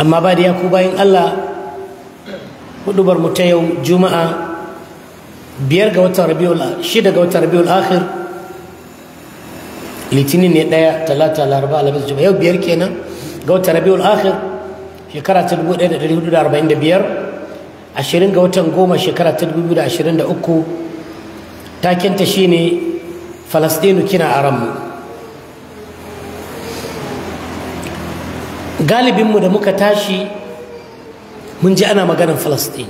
amma ba da yaku bayan allah hudu bar ta yau juma'a biyar ga watan rabiul shida ga watan rabiul akhir litinin ne daya talata laraba alhamis juma'a yau biyar kenan ga watan rabiul akhir shekara ta dubu daya da dari hudu da arba'in da biyar ashirin ga watan goma shekara ta dubu biyu da ashirin da uku takinta shine falastinu kina aranmu galibinmu da muka tashi mun ji ana maganar falastin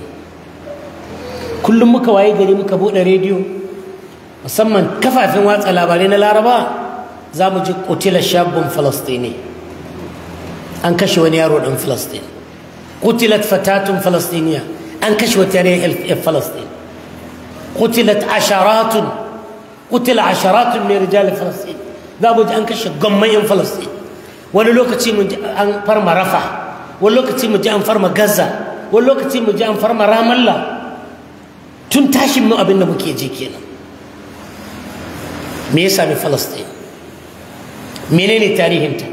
kullum muka waye gari muka buɗe rediyo musamman kafafen watsa labarai na laraba za mu ji kutila shabun falastini an kashe wani yaro ɗan falastin kutilat fatatun falastiniya an kashe wata yare falastin kutilat asharatun kutila asharatun mai rijali falastin za mu ji an kashe gwamman yan falastin wani lokaci mu an farma rafa wani lokaci mu ji an farma gaza wani lokaci mu ji an farma ramallah tun tashin mu abin da muke ji kenan me ya mu falastin menene tarihinta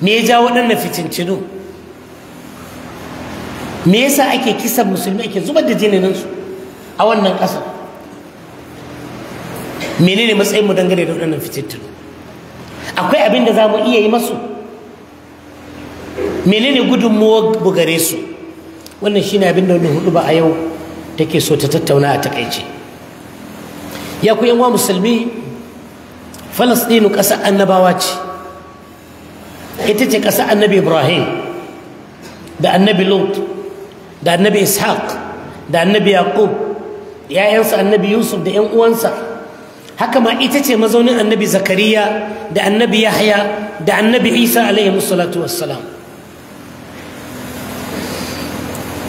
me ya ja waɗannan fitincinu me yasa ake kisan musulmi ake zubar da su? a wannan ƙasar menene mu dangane da waɗannan fitincinu akwai abin da za mu iya yi masu menene gudunmuwa mu gare su wannan shi ne abin da wani hudu ba a yau take so ta tattauna a takaice ya ku yan musulmi falastinu ƙasa annabawa ce ita ce ƙasa annabi ibrahim da annabi lut da annabi ishaq da annabi yaqub 'ya'yansa annabi yusuf da 'yan uwansa haka ma ita ce mazaunin annabi zakariya da annabi yahya da annabi isa alaihi salatu wassalam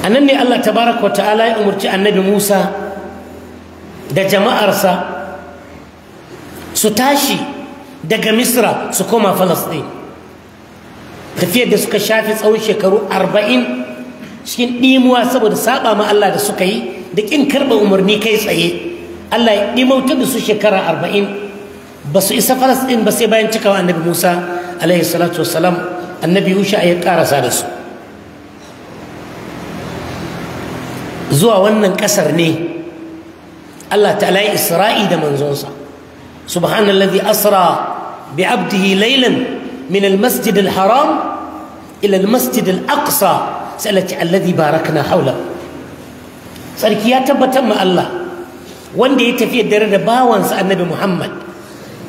a nan ne allah Ta wa ta'ala ya umarci annabi musa da jama'arsa su tashi daga misra su koma falasɗin tafiyar da suka shafi tsawon shekaru arba'in cikin ɗimuwa saboda saba ma allah da suka yi da ƙin karɓa umarni kai tsaye Allah ya ɗimautar da su shekara arba'in ba su isa ɗin ba sai bayan cikawa annabi musa alaihi salatu wasalam annabi yusha ya ƙarasa da su zuwa wannan ƙasar ne Allah ta'ala ya isra'i da manzonsa subhanallazi asra bi abdihi laylan min almasjid alharam ila almasjid alaqsa sai Allah ta'ala alladhi barakna hawla sarki ya tabbatar ma Allah wanda ya tafiya dare da bawansa annabi muhammad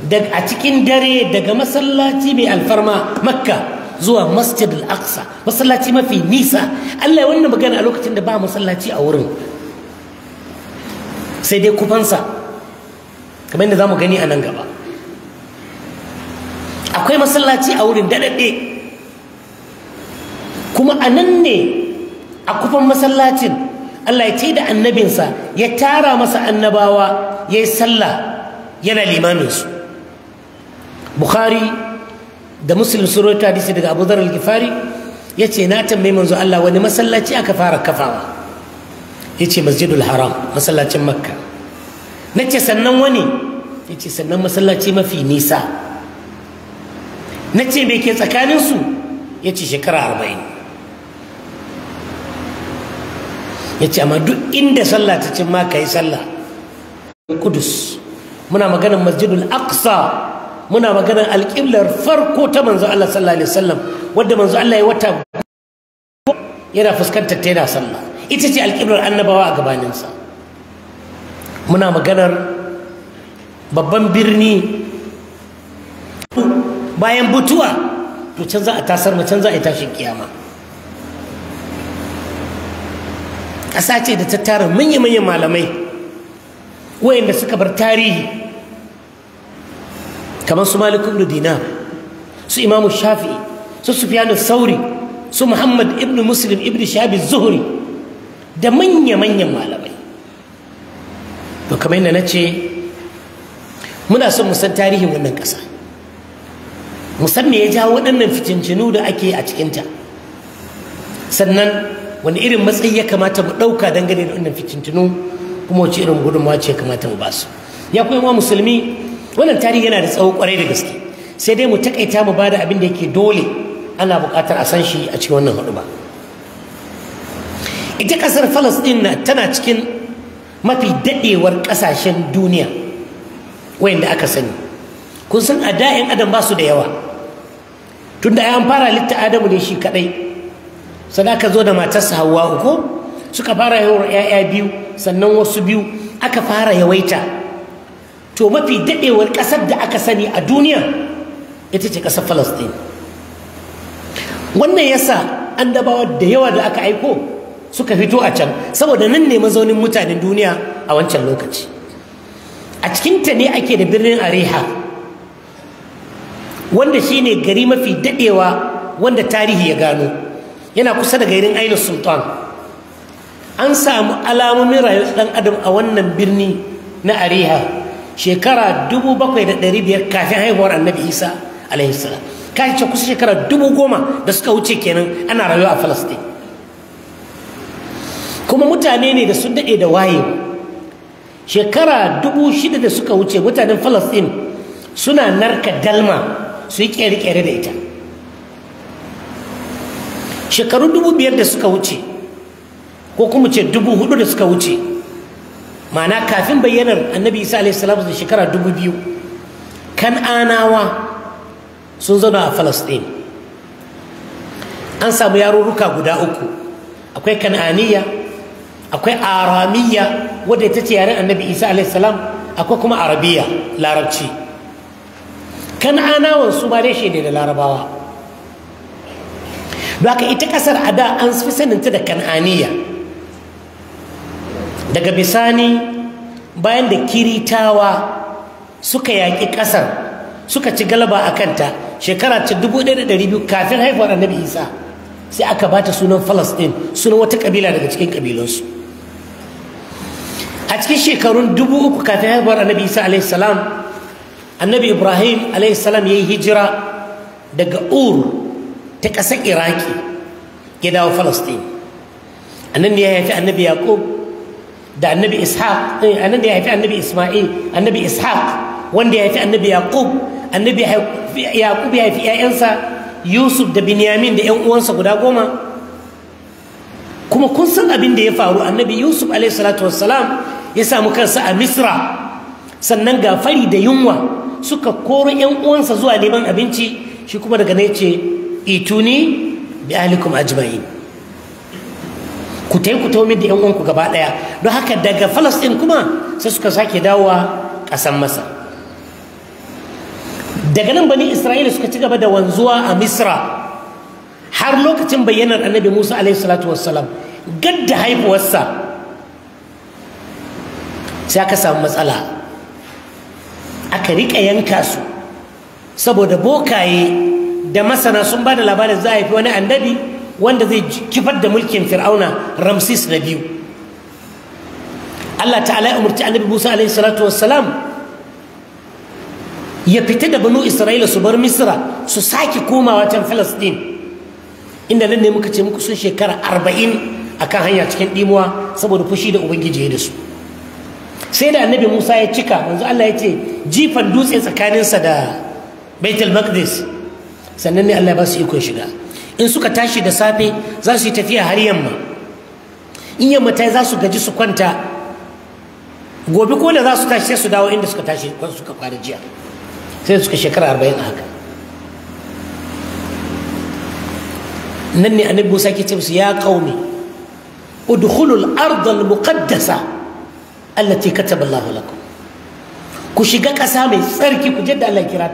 a cikin dare daga masallaci mai alfarma makka zuwa masjid al-aqsa masallaci mafi nisa allah ya wannan magana a lokacin da ba masallaci a wurin sai dai kufansa kamar yadda za mu gani a nan gaba akwai masallaci a wurin daɗaɗɗe kuma a nan ne a kufan masallacin Allah ya ce da annabinsa ya tara masa annabawa ya yi sallah yana limaminsu bukhari da muslim sun rawaito hadisi daga abu dhar al-ghifari ya ce na tambayi manzo Allah wani masallaci aka fara kafawa ya ce masjidul haram masallacin makka na ce sannan wani ya ce sannan masallaci mafi nisa na ce me ke tsakaninsu ya ce shekara arba'in ya ce amma duk inda sallah ta ce ma ka yi sallah kudus muna maganar masjidul aqsa muna maganar alƙiblar farko ta manzo Allah sallallahu alaihi wasallam wadda manzo Allah ya wata yana fuskantar ta yana sallah ita ce alƙiblar annabawa a gabaninsa muna maganar babban birni bayan butuwa to can za a tasar mu can za a yi tashin kiyama ƙasa ce da ta tara manya-manyan malamai wayanda suka bar tarihi kamar su malik ibn dinar su imamu shafi'i su sufyanu sauri su muhammad ibn muslim ibn shabi zuhri da manya-manyan malamai to kamar yadda na ce muna son musan tarihin wannan ƙasa musan me ya jawo waɗannan fitincinu da ake a cikinta sannan wani irin matsayi ya kamata mu ɗauka dangane da wannan fitintunu kuma wace irin gudunmawa ce ya kamata mu basu ya kuma musulmi wannan tarihi yana da tsawo kwarai da gaske sai dai mu takaita mu bada abin da yake dole ana buƙatar a san shi a cikin wannan hudu ba ita ƙasar falasɗin na tana cikin mafi daɗewar ƙasashen duniya wayanda aka sani kun san a da'in adam ba su da yawa tunda an fara litta adamu ne shi kaɗai sadaka zo da matarsa hawa ko suka fara yawar 'ya'ya biyu sannan wasu biyu aka fara yawaita to mafi daɗewar ƙasar da aka sani a duniya ita ce ƙasar falastin wannan yasa annabawa da yawa da aka aiko suka fito a can saboda nan ne mazaunin mutanen duniya a wancan lokaci a cikinta ne ake da birnin areha wanda shine gari mafi daɗewa wanda tarihi ya gano yana kusa da gairin ainu sultan an samu alamomin rayuwar ɗan adam a wannan birni na ariha shekara dubu bakwai kafin haihuwar annabi isa alaihi salam ka ce kusa shekara dubu goma da suka wuce kenan ana rayuwa a falastin kuma mutane ne da sun daɗe da waye shekara dubu shida da suka wuce mutanen falastin suna narka dalma su yi kere ƙere da ita shekaru dubu biyar da suka wuce ko kuma ce dubu hudu da suka wuce ma'ana kafin bayyanar annabi isa alaihi salatu da shekara dubu biyu kan'anawa sun zauna a falastin an samu yarurruka guda uku akwai kan'aniya akwai aramiya wadda ita ce yaren annabi isa alaihi salam akwai kuma arabiya larabci kan'anawan su ba dai shaidai da larabawa don haka ita kasar a da an fi saninta da kan'aniya daga bisani bayan da kiritawa suka yaƙi ƙasar suka ci galaba a kanta shekara ta dubu da biyu kafin haifar annabi isa sai aka ba ta sunan falastin sunan wata ƙabila daga cikin ƙabilunsu a cikin shekarun dubu uku kafin haifuwar annabi isa alaihi salam annabi ibrahim alaihi salam ya yi hijira daga ur ta ƙasar iraki ya dawo falastin a nan ne ya haifi annabi yaqub da annabi ishaq eh, a nan ne ya haifi annabi isma'il annabi ishaq wanda ya haifi annabi yaqub annabi yaqub ya haifi 'ya'yansa yusuf da binyamin da 'yan uwansa guda goma kuma kun san abin da ya faru annabi yusuf alaihi ya samu kansa a misra sannan ga fari da yunwa suka koro 'yan uwansa zuwa neman abinci shi kuma daga ne ce ituni bi alikum ajma'in ku tai ku taumi da yan uwanku gaba daya don haka daga Falastin kuma sai suka sake dawowa kasan masa daga nan bani Isra'ila suka ci gaba da wanzuwa a Misra har lokacin bayyanar Annabi Musa alaihi salatu wassalam gadda haifuwarsa sai aka samu matsala aka riƙa yanka su saboda bokaye da masana sun ba da labarin za a haifi wani annabi wanda zai kifar da mulkin fir'auna ramsis na biyu allah ta'ala ya umarci annabi musa alaihi salatu wassalam ya fita da banu isra'ila su bar misra su sake komawa can filistin inda nan ne muka ce muku sun shekara arba'in akan hanya cikin ɗimuwa saboda fushi da ubangiji ya da su sai da annabi musa ya cika yanzu allah ya ce jifan dutse tsakaninsa da baitul maqdis sannan ne Allah ba su ikon shiga in suka tashi da safe za su yi tafiya har yamma in yamma ta za su gaji su kwanta gobe ko da za su tashi sai su dawo inda suka tashi suka kwana jiya sai suka shekara arba'in a haka nan ne annabi Musa ke ce ya kauni udkhulul ardal muqaddasa allati kataba Allah lakum ku shiga ƙasa mai tsarki ku jadda Allah kira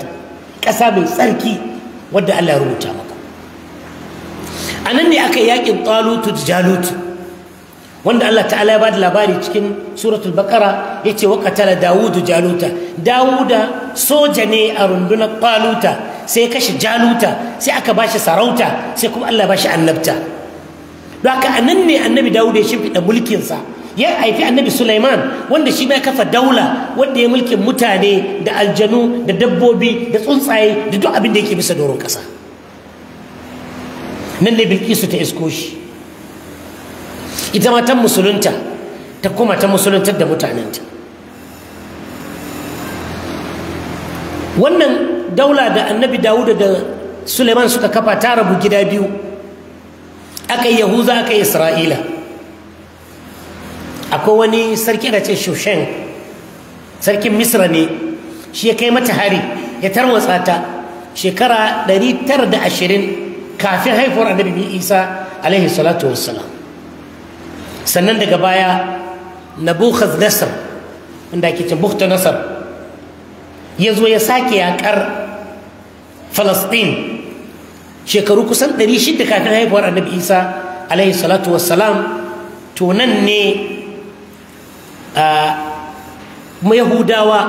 ƙasa mai tsarki wadda Allah rubuta maka a nan ne aka yakin talutu da jalutu wanda Allah ta'ala ya bada labari cikin suratul bakara ya ce wa katala dawudu jaluta dawuda soja ne a rundunar taluta sai kashe jaluta sai aka bashi sarauta sai kuma Allah ba annabta don haka a nan ne annabi dawuda ya shimfiɗa mulkinsa ya haifi annabi Sulaiman wanda shi ma kafa daula wanda ya mulkin mutane da aljanu da dabbobi da tsuntsaye da duk abin da yake bisa doron ƙasa nan ne Bilkisu ta isko shi ita ma ta musulunta ta kuma ta musuluntar da mutanenta wannan daula da annabi Dawud da Sulaiman suka kafa ta rabu gida biyu aka yi Yahuza aka yi Isra'ila akwai wani sarki da ce shushen sarkin misra ne shi ya kai mata hari ya tarwatsa ta shekara 920 kafin haifuwar annabi isa alaihi salatu wassalam sannan daga baya nabukhadnezzar wanda ake ce bukta nasar ya zo ya sake yakar falastin shekaru kusan 600 kafin haifuwar annabi isa alaihi salatu wassalam to nan ne Ah, yahudawa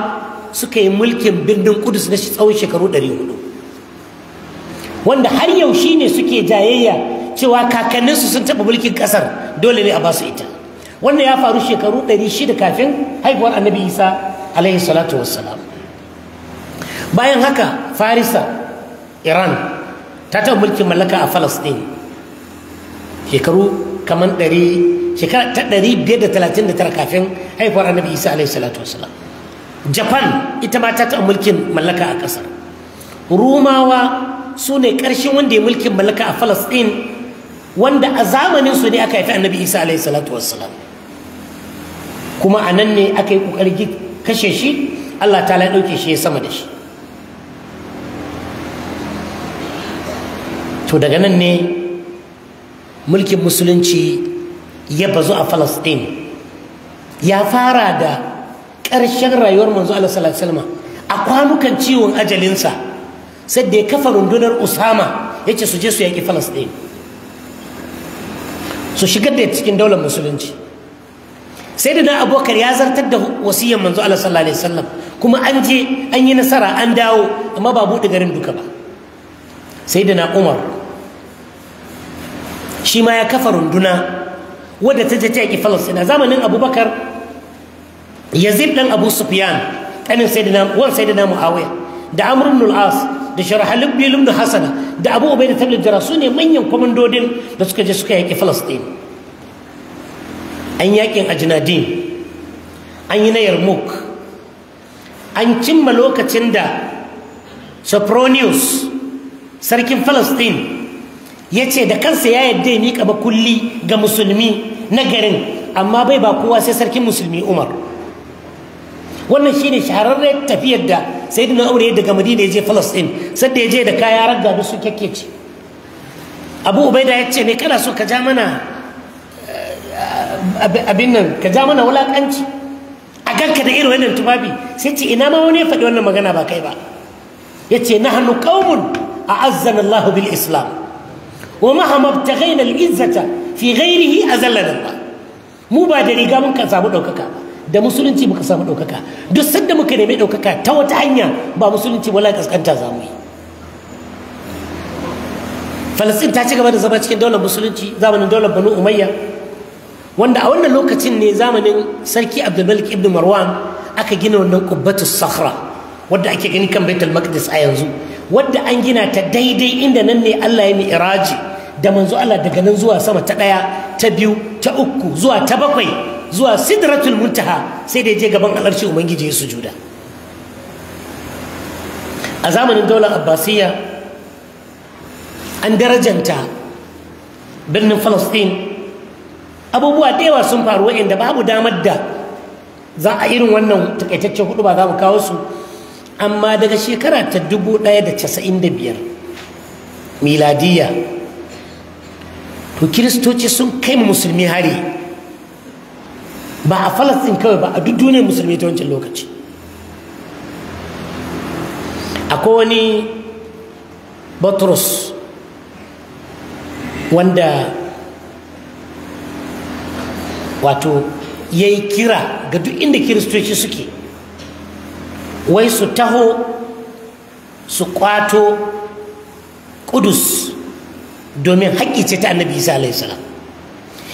suka yi mulkin birnin kudus na tsawon shekaru 400 wanda har yau shi ne suke jayayya cewa kakanninsu sun taɓa mulkin ƙasar dole ne a basu ita Wanda ya faru shekaru 600 kafin haifuwar annabi isa alaihi salatu wassalam bayan haka farisa iran ta taɓa mulkin mallaka a falastin shekaru kamar ɗari shekara ta ɗari biyar da talatin da tara kafin haifuwar annabi isa alaihi salatu wasalam japan ita ma ta taɓa mulkin mallaka a ƙasar rumawa su ne ƙarshen wanda ya mulkin mallaka a falasɗin wanda a zamanin su ne aka haifi annabi isa alaihi salatu wassalam kuma a nan ne aka yi ƙoƙari kashe shi allah ta ya ɗauke shi ya sama da shi to daga nan ne mulkin musulunci ya bazu a falastin ya fara da ƙarshen rayuwar manzo Allah a kwanukan ciwon ajalinsa sai da ya kafa rundunar usama ya ce su je su yaƙi falastin su shigar da cikin daular musulunci sai da na abokar ya zartar da wasiyyar manzo Allah sallallahu kuma an je an yi nasara an dawo amma ba buɗe garin duka ba sai da na umar shi ma ya kafa runduna wadda ta je ta yaƙi falastina zamanin abubakar yazid ɗan abu sufyan ɗanin sayyidina wan sayyidina muawiya da Amurin nul'as da da sharhalib bin hasana da abu ubaida tablet jara su ne manyan kwamandodin da suka je suka yaƙi falastin an yaƙin ajinadin an yi na yarmouk an cimma lokacin da sopronius sarkin falastin ya ce da kansa ya yadda ya miƙa makulli ga musulmi na garin amma bai ba kowa sai sarkin musulmi umar wannan shine shahararren tafiyar da sayyidina umar daga madina ya je falastin da ya je da kaya ragga da su kyakkece abu ubaida ya ce me kana so ka ja mana eh, abin nan ka ja mana wulakanci a ganka da irin wannan tufafi sai ce ina ma wani ya faɗi wannan magana ba kai ba ya ce hannu qaumun a azzanallahu bil islam ومهما ابتغينا العزة في غيره a zallar mu ba da riga muka samu ɗaukaka da musulunci muka samu ɗaukaka duk sanda muka nemi ɗaukaka ta wata hanya ba musulunci wala kaskanta za mu ta ci gaba da zama cikin daular musulunci zamanin daular banu umayya wanda a wannan lokacin ne zamanin sarki abdulmalik ibn marwan aka gina wannan kubbatus sakhra wadda ake gani kan baitul maqdis a yanzu wadda an gina ta daidai inda nan ne Allah ya iraji da manzo Allah daga nan zuwa sama ta ɗaya ta biyu ta uku zuwa ta bakwai zuwa sidratul muntaha sai da je gaban alarshi ubangiji ya sujuda a zamanin daular abbasiyya an darajanta birnin falastin abubuwa da sun faru wa'inda babu damar da za a irin wannan takaitaccen hudu ba za mu kawo su amma daga shekara ta dubu ɗaya da da casa'in biyar miladiya to kiristoci sun kai musulmi hari ba a falastin kawai ba a duk duniyar musulmi ta wancan lokaci akwai wani batros wanda wato ya yi kira ga duk inda kiristoci suke wai su taho su kwato kudus domin haƙƙi ce ta annabi isa alaihi salam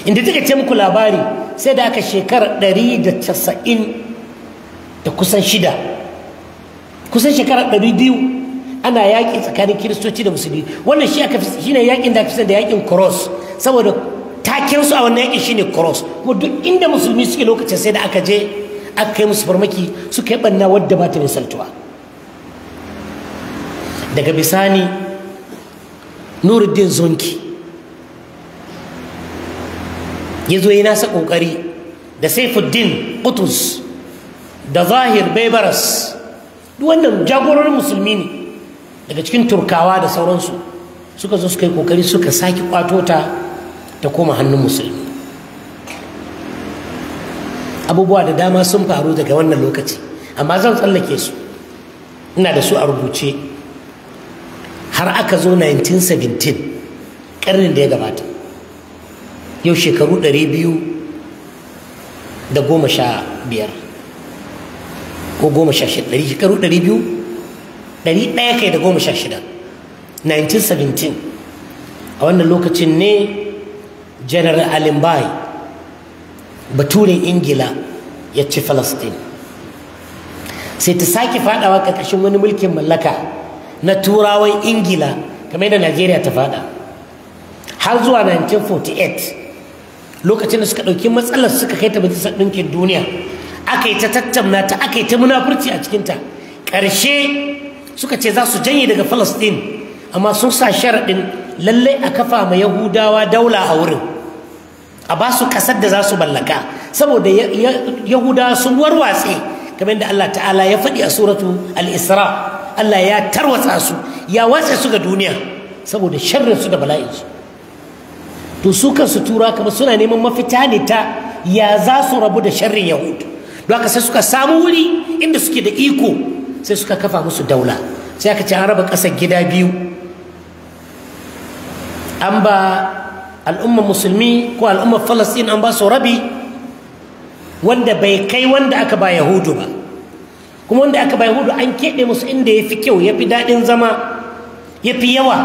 inda take ce muku labari sai da aka shekarar ɗari da casa'in da kusan shida kusan shekarar ɗari biyu ana yaƙi tsakanin kiristoci da musulmi wannan shi aka shi ne yaƙin da aka fi da yaƙin cross saboda takinsu a wannan yaƙin ne cross kuma duk inda musulmi suke lokacin sai da aka je aka kai musu farmaki suka yi ɓanna wadda ba ta misaltuwa daga bisani nuruddin zonki ya zo yi nasa ƙoƙari da saifuddin ƙutus da zahir baibaras duk wannan jagororin musulmi ne daga cikin turkawa da sauransu suka zo suka yi ƙoƙari suka sake ƙwato ta ta koma hannun musulmi abubuwa da dama sun faru daga wannan lokaci amma zan tsallake su ina da su a rubuce har aka zo 1917 karnin da ya gabata yau shekaru 200 da goma sha biyar ko goma sha shida dari shekaru dari biyu dari ɗaya kai da goma sha shida 1917 a wannan lokacin ne general alimbai baturin ingila ya ci falastin sai ta sake fadawa karkashin wani mulkin mallaka na turawan ingila kamar da najeriya ta fada har zuwa 1948 lokacin da suka ɗauki matsalar suka kai ta majalisar ɗinkin duniya aka yi ta tattauna ta aka yi ta munafurci a cikinta ƙarshe suka ce za su janye daga falastin amma sun sa sharaɗin lallai a kafa ma yahudawa daula a wurin a ba su kasar da za su mallaka saboda yahuda sun warwatse kamar da Allah ta'ala ya faɗi a suratu al-isra Allah ya tarwatsa su ya watsa su ga duniya saboda sharrin su da bala'in su to su tura kamar suna neman mafita ne ta ya za su rabu da sharrin yahud don haka sai suka samu wuri inda suke da iko sai suka kafa musu daula sai aka ci an raba ƙasar gida biyu an ba al'ummar musulmi ko al'ummar falastin an ba su rabi wanda bai kai wanda aka ba yahudu ba kuma wanda aka ba yahudu an keɓe musu inda ya fi kyau ya fi daɗin zama ya fi yawa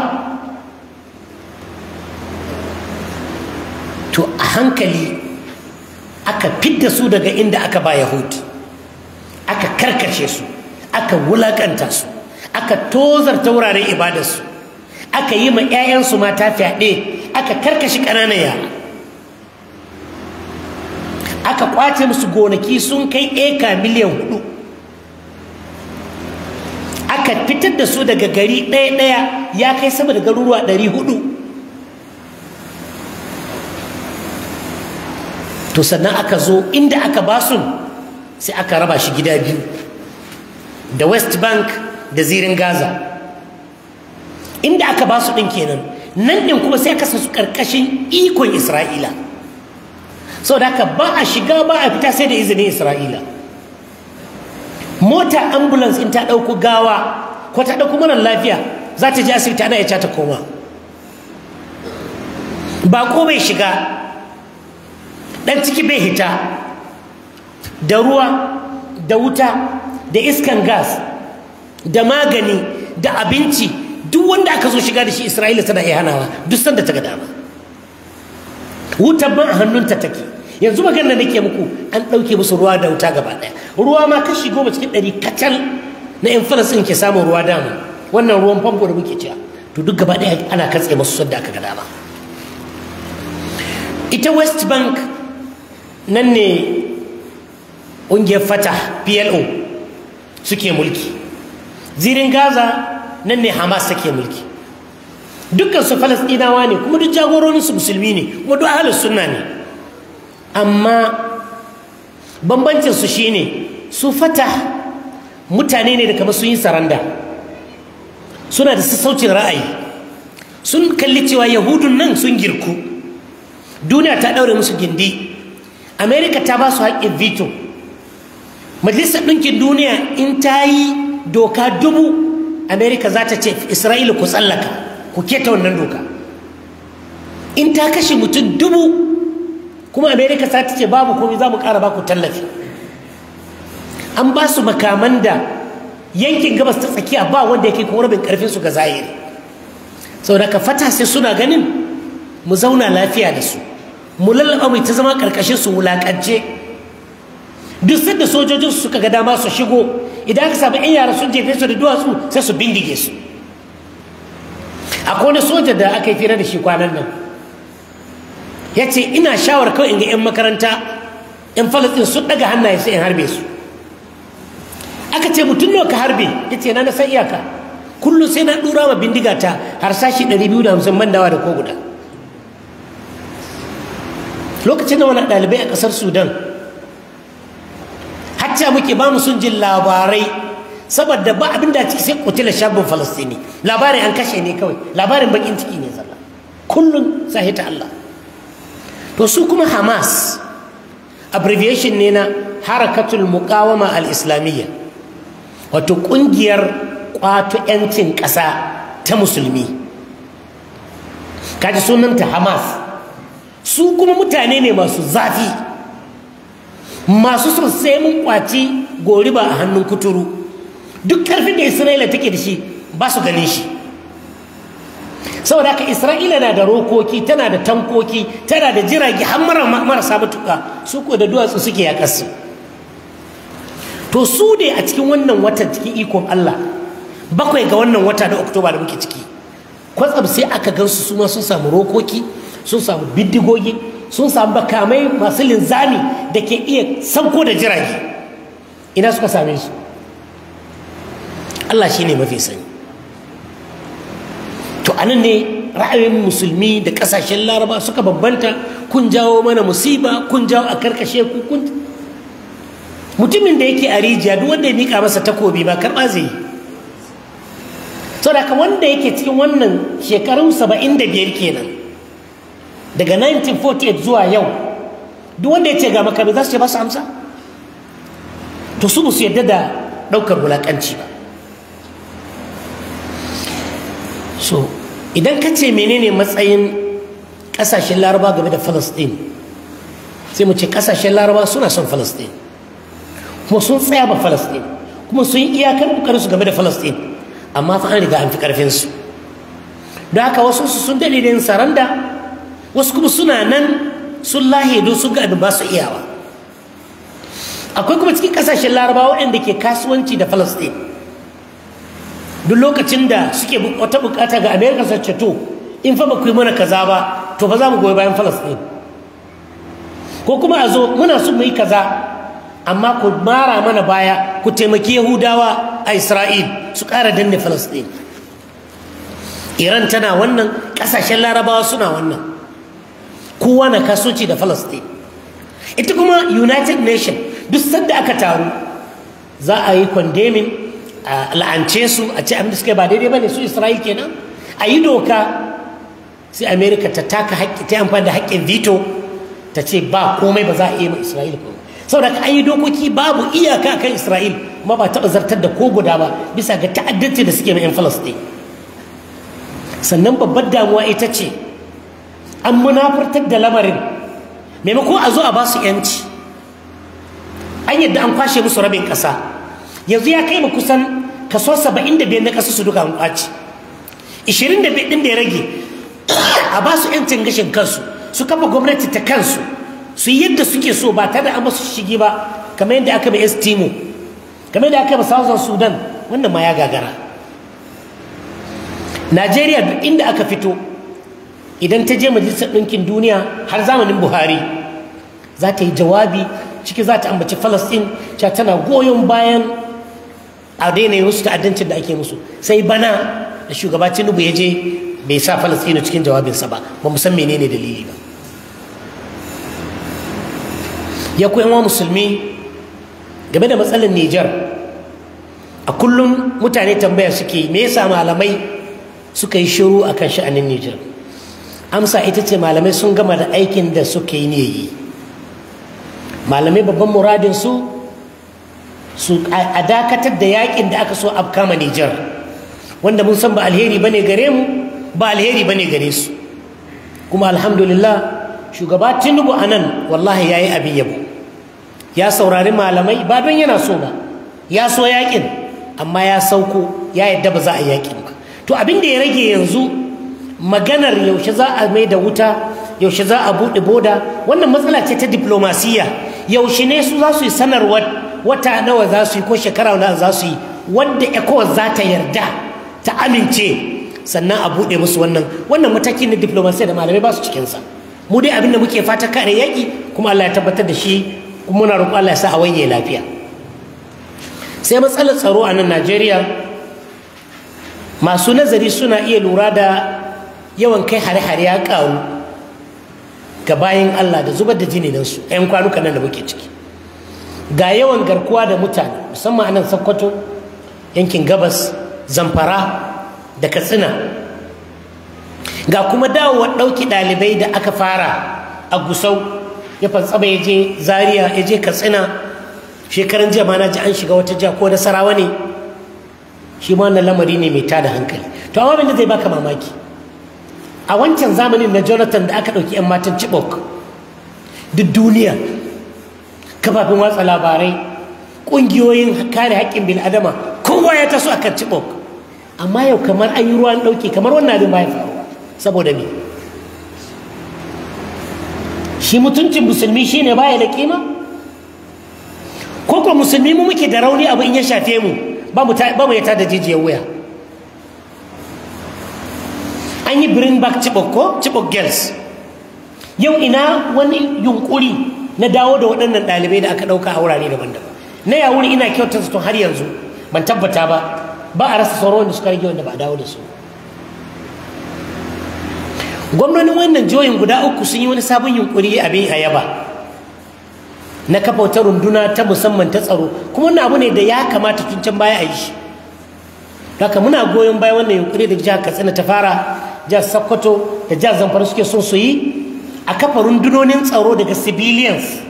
to a hankali aka fidda su daga inda aka ba yahudu aka karkace su aka wulaƙanta su aka tozarta wuraren ibadarsu aka yi ma 'ya'yansu mata fyaɗe aka karkashi ƙananan yara aka kwace musu gonaki sun kai eka miliyan hudu aka fitar da su daga gari ɗaya-ɗaya ya kai sama da garuruwa ɗari hudu to sannan aka zo inda aka ba su sai aka raba shi gida biyu da west bank da zirin gaza inda aka ba su ɗin kenan nan ɗin kuma sai kasa su ƙarƙashin ikon isra'ila sau da ba a shiga ba a fita sai da izinin isra'ila mota ambulance in ta ɗauku gawa ko ta ɗauku mara lafiya za ta je asibiti ana ya ta koma ba ko bai shiga ɗan ciki bai hita da ruwa da wuta da iskan gas da magani da abinci duk wanda aka zo shiga da shi isra'ila tana iya hanawa duk sanda ta ga dama wutar ban hannunta take yanzu na nake muku an ɗauke musu ruwa da wuta gaba ɗaya ruwa ma kashi goma cikin ɗari kacal na yan in ke samun ruwa dama wannan ruwan famfo da muke cewa to duk gaba ɗaya ana katse musu sanda aka ga dama ita west bank nan ne ƙungiyar fata plo suke mulki zirin gaza nan ne hamas take mulki dukkan su falastinawa ne kuma duk jagororin su musulmi ne kuma duk ahlus sunna ne amma bambancinsu su shine su fata mutane ne da kamar sun yi saranda suna da sassaucin ra'ayi sun kalli cewa yahudun nan sun girku duniya ta ɗaure musu gindi amerika ta ba su haƙƙin veto majalisar ɗinkin duniya in ta yi doka dubu amerika za ta ce isra'ila ku tsallaka ku keta wannan doka in ta kashe mutum dubu kuma amerika za ta ce babu komai za mu kara ba ku tallafi an ba su makaman da yankin gabas ta tsakiya ba wanda yake kuma rabin karfin su ga zahiri da ka fata sai suna ganin mu zauna lafiya da su mu lallaba mai ta zama karkashin su wulakance duk sanda sojojin suka ga dama su shigo idan aka samu yan yara sun jefe su da duwatsu sai su bindige su akwai wani soja da aka yi fira da shi kwanan nan ya ce ina shawar kawai in ga yan makaranta yan falastin sun daga hannaye sai in harbe su aka ce mutum nawa ka harbe ya ce na na san iyaka kullum sai na dura ma bindiga ta har sashi 250 man dawa da ko guda lokacin da wani ɗalibai a ƙasar sudan ce muke ba mu sun jin labarai saboda ba abin da ciki sai kutila shabin falastini labarin an kashe ne kawai labarin bakin ciki ne zalla kullum sahi ta Allah to su kuma Hamas abbreviation ne na harakatul muqawama al-islamiyya wato kungiyar kwato yancin ƙasa ta musulmi kaji sunanta Hamas su kuma mutane ne masu zafi masu sosai mun kwaci goriba a hannun kuturu duk karfin da isra'ila take da shi ba su ganin shi saboda haka isra'ila na da rokoki tana da tankoki tana da jirage har marasa matuka su ko da duwatsu suke ya kasu to su dai a cikin wannan watan cikin ikon allah bakwai ga wannan wata na oktoba da muke ciki kwatsam sai aka gansu su ma sun samu rokoki sun samu biddigogi sun samu bakamai masu linzami da ke iya sauko da jirage ina suka same su Allah shi ne mafi sani to anan ne ra'ayin musulmi da ƙasashen laraba suka bambanta kun jawo mana musiba kun jawo a karkashe ku kun mutumin da yake a rijiya duk wanda ya mika masa takobi ba karɓa zai yi saboda wanda yake cikin wannan shekaru saba'in da biyar kenan daga 1948 zuwa yau duk wanda ya ce ga makabe za su ce ba su amsa to su musu yadda da ɗaukar wulakanci ba so idan ka ce menene matsayin kasashen laraba game da falastin sai mu ce ƙasashen laraba suna son falasɗin kuma sun tsaya ba falasɗin kuma sun yi iyakar su game da falasɗin amma fa an riga an fi ƙarfinsu don haka wasu sun dalilin saranda wasu kuma suna nan sun lahe don sun ga abin ba su iyawa akwai kuma cikin kasashen larabawa waɗanda ke kasuwanci da falastin duk lokacin da suke wata bukata ga amerika sace to in fa ba ku yi mana kaza ba to ba za mu goyi bayan falastin ko kuma a zo muna su mu kaza amma ku mara mana baya ku taimaki yahudawa a isra'il su ƙara danne falastin iran tana wannan ƙasashen larabawa suna wannan kowa na kasoci da falastin ita kuma united nation duk sanda aka taru za a yi kwandemin a la'ance su a ce abin suke ba daidai ba ne su isra'il kenan a yi doka sai america ta taka haƙƙi ta amfani da haƙƙin veto ta ce ba komai ba za a iya ma isra'il ko saboda an yi dokoki babu iyaka kan isra'il kuma ba taɓa zartar da ko guda ba bisa ga ta'addanci da suke ma 'yan falastin sannan babbar damuwa ita ce an munafurtar da lamarin maimako a zo a ba su yanci an yadda an kwashe musu rabin kasa. yanzu ya kai mu kusan kaso saba'in da biyar na ƙasa su duka an kwace ishirin da da ya rage a ba su yancin gashin kansu su kafa gwamnati ta kansu su yi yadda suke so ba tare da an basu shige ba kamar yadda aka bi estimo kamar yadda aka bi southern sudan wannan ma ya gagara najeriya duk inda aka fito idan ta je majalisar ɗinkin duniya har zamanin buhari za ta yi jawabi ciki za ta ambaci falastin cewa tana goyon bayan a daina yi wasu ta'addancin da ake musu sai bana da shugaba tinubu ya je bai sa falastinu cikin jawabinsa ba ba mu san menene dalili ba ya ku wa musulmi game da matsalar nijar a kullum mutane tambaya suke me yasa malamai suka yi shiru a kan sha'anin nijar amsa ita ce malamai sun gama da aikin da suke ne yi malamai babban muradin su su a dakatar da yakin da aka so afkama Nijar wanda mun san ba alheri bane gare mu ba alheri bane gare su kuma alhamdulillah shugaba Tinubu a anan wallahi yayi abin yabo ya saurari malamai ba don yana so ba ya so yakin amma ya sauko ya yadda ba za a yakin ba to abin da ya rage yanzu maganar yaushe za a mai da wuta yaushe za a buɗe boda wannan matsala ce ta diplomasiya yaushe ne su za su yi sanarwar wata nawa za su yi ko shekara nawa za su yi wanda ecowas za ta yarda ta amince sannan a buɗe musu wannan wannan mataki na diplomasiya da malamai ba su cikinsa mu dai abin da muke fata kare yaƙi kuma allah ya tabbatar da shi kuma muna roƙon allah ya sa a wanye lafiya sai matsalar tsaro a nan najeriya masu nazari suna iya lura da yawan kai hare-hare ya ƙaru ga bayan Allah da zubar da jini nan su 'yan kwanuka nan da muke ciki ga yawan garkuwa da mutane musamman a nan sakkwato yankin gabas zamfara da katsina ga kuma dawowar ɗauki ɗalibai da aka fara a gusau ya fantsaba ya je zaria ya je katsina shekaran jiya ma na ji an shiga wata jiya ko da sarawa ne shi ma wannan lamari ne mai tada hankali to amma abin da zai baka mamaki a wancan zamanin na jonathan da aka ɗauki 'yan matan chibok duk duniya kafafen watsa labarai ƙungiyoyin kare haƙƙin bil'adama kowa ya taso akan chibok amma yau kamar an yi ruwan ɗauki kamar wannan abin ba saboda me shi mutuncin musulmi shine baya da kima ko ko musulmi mu muke da rauni abu in ya shafe mu ba mu ya tada jijiyar wuya an yi bring back chibok ko girls yau ina wani yunkuri na dawo da waɗannan ɗalibai da aka ɗauka a wurare daban-daban na yawun ina kyautar su tun har yanzu ban tabbata ba ba a rasa sauran wanda suka rage wanda ba a dawo da su gwamnonin wannan jihohin guda uku sun yi wani sabon yunkuri a abin ayaba na kafa wata runduna ta musamman ta tsaro kuma wannan abu ne da ya kamata tun can baya a yi shi haka muna goyon bayan wannan yunkuri da jihar katsina ta fara jihar sokoto da jihar zamfara suke so su yi a kafa rundunonin tsaro daga civilians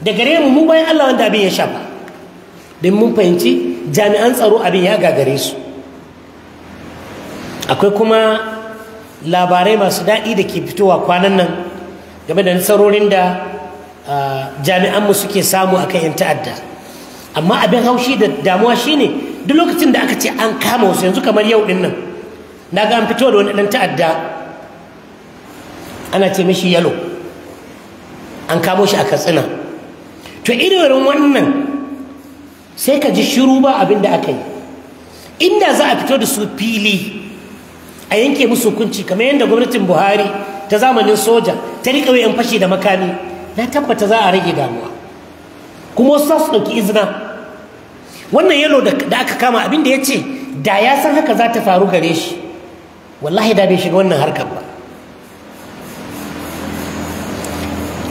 da gare mu bayan allah wanda abin ya shafa don mun fahimci jami'an tsaro abin ya gagare su akwai kuma labarai masu daɗi da ke fitowa kwanan nan game da nasarorin da jami'an mu suke samu akan 'yan ta'adda amma abin haushi da damuwa shine duk lokacin da aka ce an kama wasu yanzu kamar yau ɗin nan na ga an fito da wani dan ta'adda ana ce mishi yalo an kamo shi a katsina to irin wannan sai ka ji shiru ba abin da aka yi inda za a fito da su fili a yanke musu hukunci kamar yadda gwamnatin buhari ta zamanin soja ta riƙa 'yan fashi da makami na tabbata za a rage damuwa kuma wasu su ɗauki izina wannan yalo da aka kama abin da ya ce da ya san haka za ta faru gare shi wallahi da bai shiga wannan harkar ba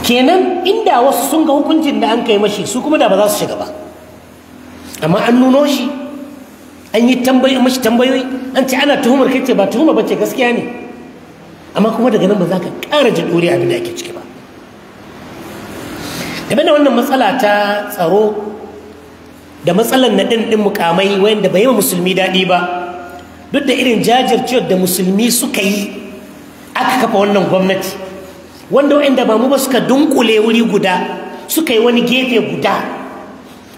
kenan inda wasu sun ga hukuncin da an kai mashi su kuma da ba za su shiga ba amma an nuno shi an yi tambayi mashi tambayoyi an ce ana tuhumar kai ce ba tuhuma ba gaskiya ne amma kuma daga nan ba za ka kara ji dore abin da ake ciki ba game da wannan matsala ta tsaro da matsalar naɗin ɗin mukamai wayanda bai yi wa musulmi daɗi ba duk da irin jajircewar da musulmi suka yi aka kafa wannan gwamnati wanda waɗanda ba mu ba suka dunkule wuri guda suka yi wani gefe guda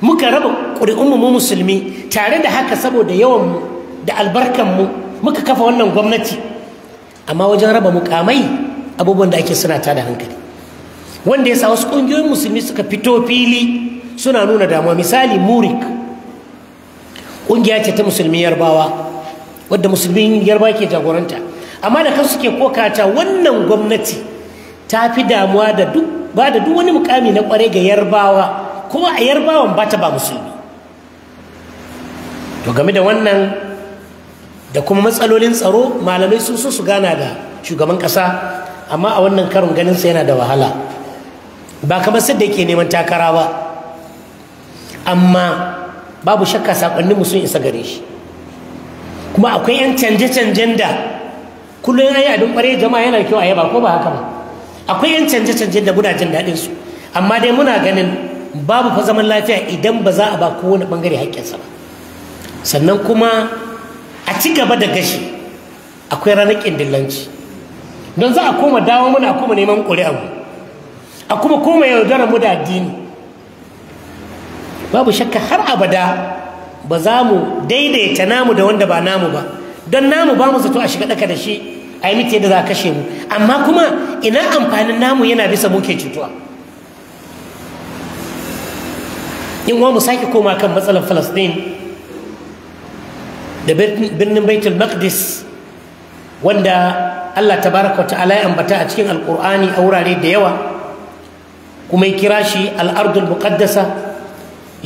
muka raba ƙuri'unmu mu musulmi tare da haka saboda yawanmu da albarkanmu muka kafa wannan gwamnati amma wajen raba mukamai abubuwan da ake suna ta da hankali wanda ya sa wasu ƙungiyoyin musulmi suka fito fili suna nuna damuwa misali murik ƙungiya ce ta musulmi yarbawa wadda musulmin yarba ke jagoranta amma da kansu ke kokata wannan gwamnati ta fi damuwa da duk ba da duk wani mukami na kware ga yarbawa kuma a yarbawan ba ta ba musulmi to game da wannan da kuma matsalolin tsaro malamai sun so su gana da shugaban kasa amma a wannan karin ganin sa yana da wahala ba kamar sadda yake neman takara ba amma babu shakka sakonninmu sun isa gare shi kuma akwai 'yan canje-canjen da kullum ya yi abin ɓare jama'a yana kyau a yaba ko ba haka ba akwai 'yan canje-canjen da muna jin daɗin su amma dai muna ganin babu fa zaman lafiya idan ba za a ba kowane ɓangare haƙƙinsa ba sannan kuma a ci gaba da gashi akwai ranar ƙindillanci don za a koma dawo muna a kuma neman ƙuri'a mu a kuma koma yaudara mu da addini babu shakka har abada ba za mu daidaita namu da wanda ba namu ba don namu ba mu zato a shiga daka da shi a yi mita yadda za a kashe mu amma kuma ina amfanin namu yana bisa muke cutuwa in wa mu sake koma kan matsalar falastin da birnin baitul maqdis wanda Allah tabaraka ta'ala ya ambata a cikin alkur'ani a wurare da yawa kuma ya kira shi al'ardul muqaddasa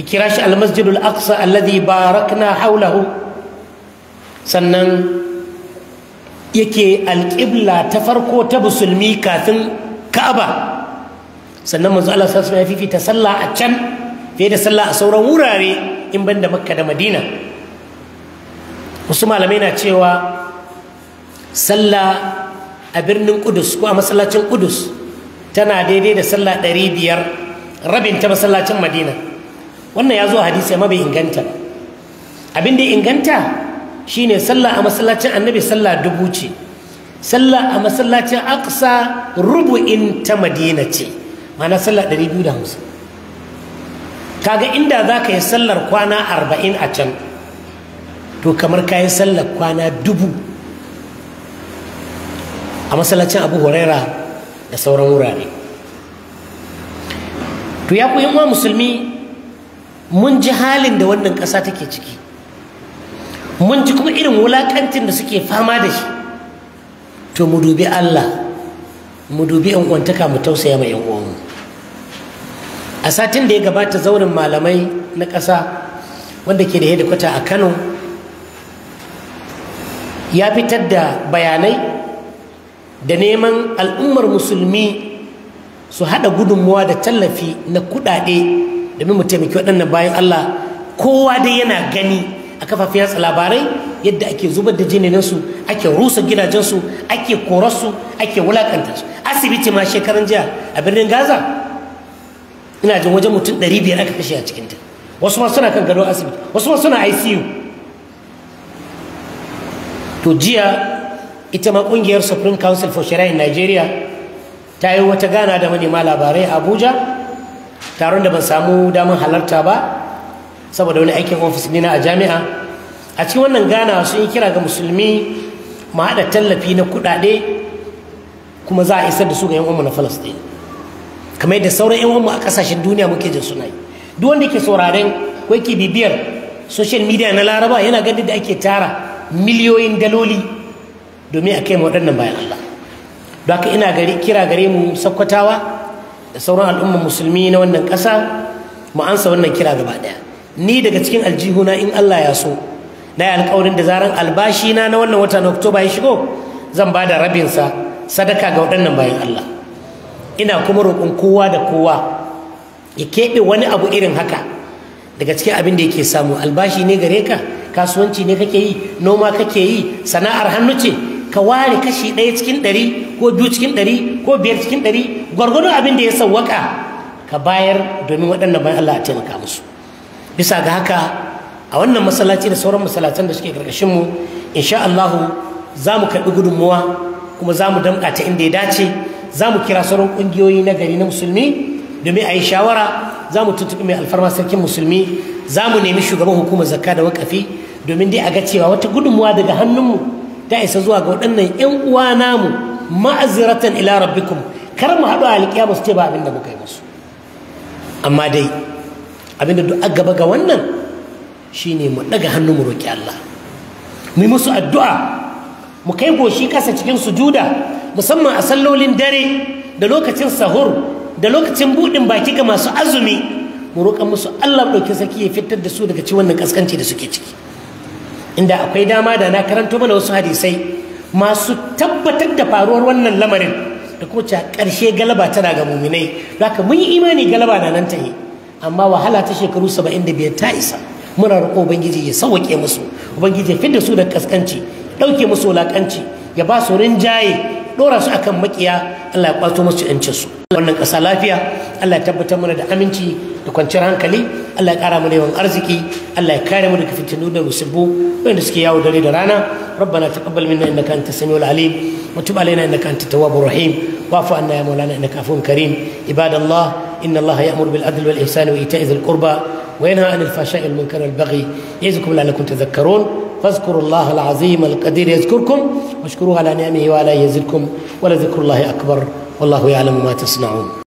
kira shi almasjidul aqsa alladhi barakna haulahu sannan yake alƙibla ta farko ta musulmi kafin ka'aba sannan manzo Allah sallallahu alaihi fifita sallah a can fiye da sallah a sauran wurare in banda makka da madina wasu malamai na cewa sallah a birnin kudus ko a masallacin kudus tana daidai da sallah ɗari biyar rabin ta masallacin madina wannan ya zo hadisi amma bai inganta abin da inganta shine sallah a masallacin annabi sallah dubu ce sallah a masallacin aksa rubu'in ta madina ce mana sallah ɗari biyu da hamsin kaga inda za ka yi sallar kwana arba'in a can to kamar ka yi sallar kwana dubu a masallacin abu huraira da sauran wurare to ya ku yi musulmi mun ji halin da wannan ƙasa take ciki mun ji kuma irin wulaƙancin da suke fama da shi to mu dubi allah mu dubi yan uwantaka mu tausaya ma yan uwanmu a satin da ya gabata zaunin malamai na ƙasa wanda ke da hedikwata a kano ya fitar da bayanai da neman al'ummar musulmi su haɗa gudunmuwa da tallafi na kuɗaɗe domin mu taimaki waɗannan bayan Allah kowa dai yana gani a kafafen yatsa labarai yadda ake zubar da jininsu ake rusa gidajensu ake korarsu ake wulakanta su asibiti ma shekaran jiya a birnin gaza ina jin wajen mutum ɗari biyar aka kashe a cikinta wasu ma suna kan gado asibiti wasu ma suna icu to jiya ita ma ƙungiyar supreme council for shari'a in nigeria ta yi wata gana da manema labarai a abuja taron da ban samu damar halarta ba saboda wani aikin ofis ne na a jami'a a cikin wannan gana sun yi kira ga musulmi ma haɗa tallafi na kuɗaɗe kuma za a isar da su ga yan'uwanmu na falastin kamar yadda sauran yan'uwanmu a ƙasashen duniya muke jin suna yi duk wanda ke sauraren ko yake bibiyar social media na laraba yana ganin da ake tara miliyoyin daloli domin a kai waɗannan bayan allah don haka ina kira gare mu sakkwatawa da sauran al'ummar musulmi na wannan ƙasa mu ansa wannan kira gaba ɗaya ni daga cikin aljihuna in Allah ya so na yi alƙawarin da zaran albashi na na wannan watan Oktoba ya shigo zan ba da rabinsa sadaka ga waɗannan bayan Allah ina kuma roƙon kowa da kowa ya keɓe wani abu irin haka daga cikin abin da yake samu albashi ne gare ka kasuwanci ne kake yi noma kake yi sana'ar hannu ce ka ware kashi ɗaya cikin ɗari ko biyu cikin ɗari ko biyar cikin ɗari gwargwadon abin da ya sawwaka ka bayar domin waɗanda bayan Allah a taimaka musu bisa ga haka a wannan masallaci da sauran masallacin da suke karkashin mu insha Allah za mu karɓi gudunmuwa kuma za mu damƙa ta inda ya dace za mu kira sauran ƙungiyoyi na gari na musulmi domin a yi shawara za mu tuntuɓi mai alfarma sarkin musulmi za mu nemi shugaban hukumar zakka da wakafi domin dai a ga cewa wata gudunmuwa daga hannunmu ta isa zuwa ga waɗannan ‘yan uwa namu ma'aziratan ila rabbikum kar mu haɗu a ba su ce ba abinda muka yi musu amma dai abinda duk gaba ga wannan shine mu ɗaga hannu mu roƙi Allah mu yi musu addu'a mu kai goshi ƙasa cikin sujuda musamman a sallolin dare da lokacin sahur da lokacin buɗin baki ga masu azumi mu roƙa musu Allah ɗauki saki ya fitar da su daga ci wannan ƙaskanci da suke ciki inda akwai dama da na karanto mana wasu hadisai masu tabbatar da faruwar wannan lamarin da kuma cewa ƙarshe galaba tana ga muminai haka mun yi imani galaba na nan ta yi amma wahala ta shekaru saba'in da biyar ta isa muna roƙo ubangiji ya sauwaƙe musu ubangiji ya fidda su da kaskanci ɗauke musu wulaƙanci ya ba su rinjaye ɗora su akan makiya Allah ya ƙwato musu 'yancinsu wannan ƙasa lafiya Allah ya tabbatar mana da aminci da kwanciyar hankali الله يكرم من يوم أرزقي الله يكرم منك في تنود وسبو وين سكيا ودري درانا ربنا تقبل منا إنك أنت السميع العليم وتب علينا إنك أنت التواب الرحيم وعف عنا يا مولانا إنك عفو كريم عباد الله إن الله يأمر بالعدل والإحسان وإيتاء ذي القربى وينهى عن الفحشاء والمنكر والبغي يعظكم لعلكم تذكرون فاذكروا الله العظيم القدير يذكركم واشكروه على نعمه وعلى يزلكم ولذكر الله أكبر والله يعلم ما تصنعون